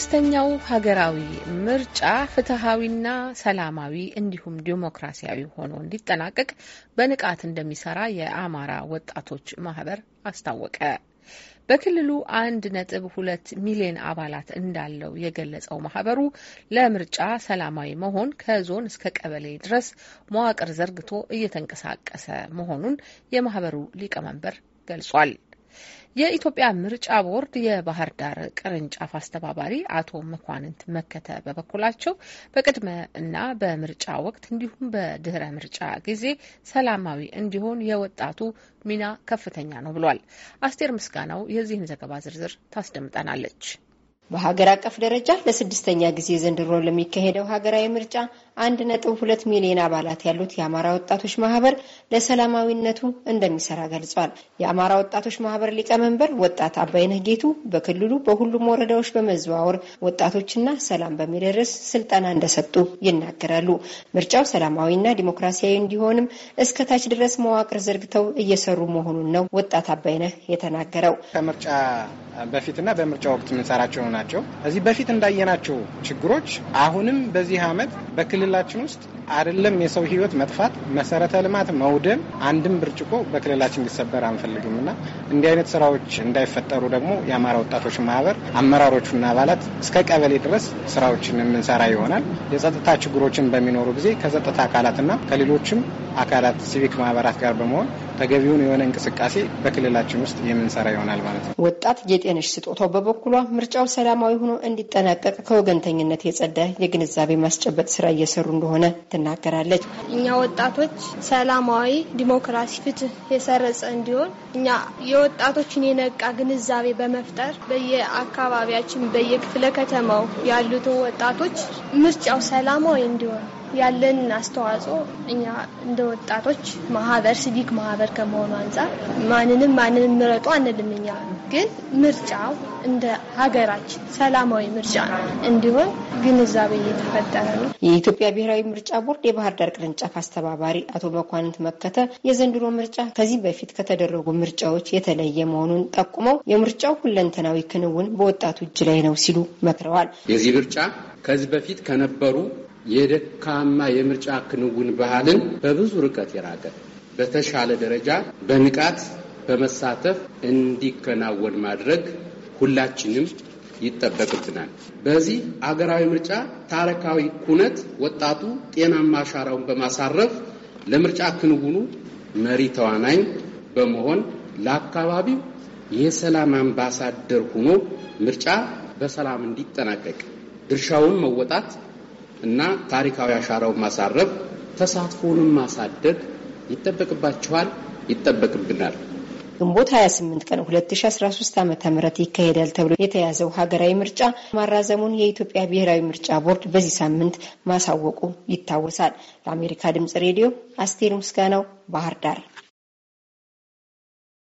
ስድስተኛው ሀገራዊ ምርጫ ፍትሐዊና ሰላማዊ እንዲሁም ዲሞክራሲያዊ ሆኖ እንዲጠናቀቅ በንቃት እንደሚሰራ የአማራ ወጣቶች ማህበር አስታወቀ። በክልሉ አንድ ነጥብ ሁለት ሚሊዮን አባላት እንዳለው የገለጸው ማህበሩ ለምርጫ ሰላማዊ መሆን ከዞን እስከ ቀበሌ ድረስ መዋቅር ዘርግቶ እየተንቀሳቀሰ መሆኑን የማህበሩ ሊቀመንበር ገልጿል። የኢትዮጵያ ምርጫ ቦርድ የባህር ዳር ቅርንጫፍ አስተባባሪ አቶ መኳንንት መከተ በበኩላቸው በቅድመ እና በምርጫ ወቅት እንዲሁም በድህረ ምርጫ ጊዜ ሰላማዊ እንዲሆን የወጣቱ ሚና ከፍተኛ ነው ብሏል። አስቴር ምስጋናው የዚህን ዘገባ ዝርዝር ታስደምጠናለች። በሀገር አቀፍ ደረጃ ለስድስተኛ ጊዜ ዘንድሮ ለሚካሄደው ሀገራዊ ምርጫ አንድ ነጥብ ሁለት ሚሊዮን አባላት ያሉት የአማራ ወጣቶች ማህበር ለሰላማዊነቱ እንደሚሰራ ገልጿል። የአማራ ወጣቶች ማህበር ሊቀመንበር ወጣት አባይነህ ጌቱ በክልሉ በሁሉም ወረዳዎች በመዘዋወር ወጣቶችና ሰላም በሚደርስ ስልጠና እንደሰጡ ይናገራሉ። ምርጫው ሰላማዊና ዲሞክራሲያዊ እንዲሆንም እስከታች ድረስ መዋቅር ዘርግተው እየሰሩ መሆኑን ነው ወጣት አባይነህ የተናገረው። ከምርጫ በፊትና በምርጫ ወቅት የምንሰራቸው ናቸው። እዚህ በፊት እንዳየናቸው ችግሮች አሁንም በዚህ ዓመት በክልላችን ውስጥ አይደለም የሰው ህይወት መጥፋት፣ መሰረተ ልማት መውደም፣ አንድም ብርጭቆ በክልላችን እንዲሰበር አንፈልግም እና እንዲህ አይነት ስራዎች እንዳይፈጠሩ ደግሞ የአማራ ወጣቶች ማህበር አመራሮቹና አባላት እስከ ቀበሌ ድረስ ስራዎችን የምንሰራ ይሆናል። የጸጥታ ችግሮችን በሚኖሩ ጊዜ ከጸጥታ አካላትና ከሌሎችም አካላት ሲቪክ ማህበራት ጋር በመሆን ተገቢውን የሆነ እንቅስቃሴ በክልላችን ውስጥ የምንሰራ ይሆናል ማለት ነው። ወጣት ጌጤነሽ ስጦታው በበኩሏ ምርጫው ሰላም ሰላማዊ ሆኖ እንዲጠናቀቅ ከወገንተኝነት የጸዳ የግንዛቤ ማስጨበጥ ስራ እየሰሩ እንደሆነ ትናገራለች። እኛ ወጣቶች ሰላማዊ፣ ዲሞክራሲ፣ ፍትህ የሰረጸ እንዲሆን እኛ የወጣቶችን የነቃ ግንዛቤ በመፍጠር በየአካባቢያችን በየክፍለ ከተማው ያሉትን ወጣቶች ምርጫው ሰላማዊ እንዲሆን ያለን አስተዋጽኦ እኛ እንደ ወጣቶች ማህበር ሲቪክ ማህበር ከመሆኑ አንጻር ማንንም ማንንም ምረጡ አንልም። እኛ ግን ምርጫው እንደ ሀገራችን ሰላማዊ ምርጫ እንዲሆን ግንዛቤ እየተፈጠረ ነው። የኢትዮጵያ ብሔራዊ ምርጫ ቦርድ የባህር ዳር ቅርንጫፍ አስተባባሪ አቶ መኳንንት መከተ የዘንድሮ ምርጫ ከዚህ በፊት ከተደረጉ ምርጫዎች የተለየ መሆኑን ጠቁመው የምርጫው ሁለንተናዊ ክንውን በወጣቱ እጅ ላይ ነው ሲሉ መክረዋል። የዚህ ምርጫ ከዚህ በፊት ከነበሩ የደካማ የምርጫ ክንውን ባህልን በብዙ ርቀት የራቀ በተሻለ ደረጃ በንቃት በመሳተፍ እንዲከናወን ማድረግ ሁላችንም ይጠበቅብናል። በዚህ አገራዊ ምርጫ ታሪካዊ ኩነት ወጣቱ ጤናማ አሻራውን በማሳረፍ ለምርጫ ክንውኑ መሪ ተዋናኝ በመሆን ለአካባቢው የሰላም አምባሳደር ሆኖ ምርጫ በሰላም እንዲጠናቀቅ ድርሻውን መወጣት እና ታሪካዊ አሻራውን ማሳረፍ ተሳትፎንም ማሳደግ ይጠበቅባቸዋል፣ ይጠበቅብናል። ግንቦት 28 ቀን 2013 ዓ ም ይካሄዳል ተብሎ የተያዘው ሀገራዊ ምርጫ ማራዘሙን የኢትዮጵያ ብሔራዊ ምርጫ ቦርድ በዚህ ሳምንት ማሳወቁ ይታወሳል። ለአሜሪካ ድምጽ ሬዲዮ አስቴር ምስጋናው ባህር ዳር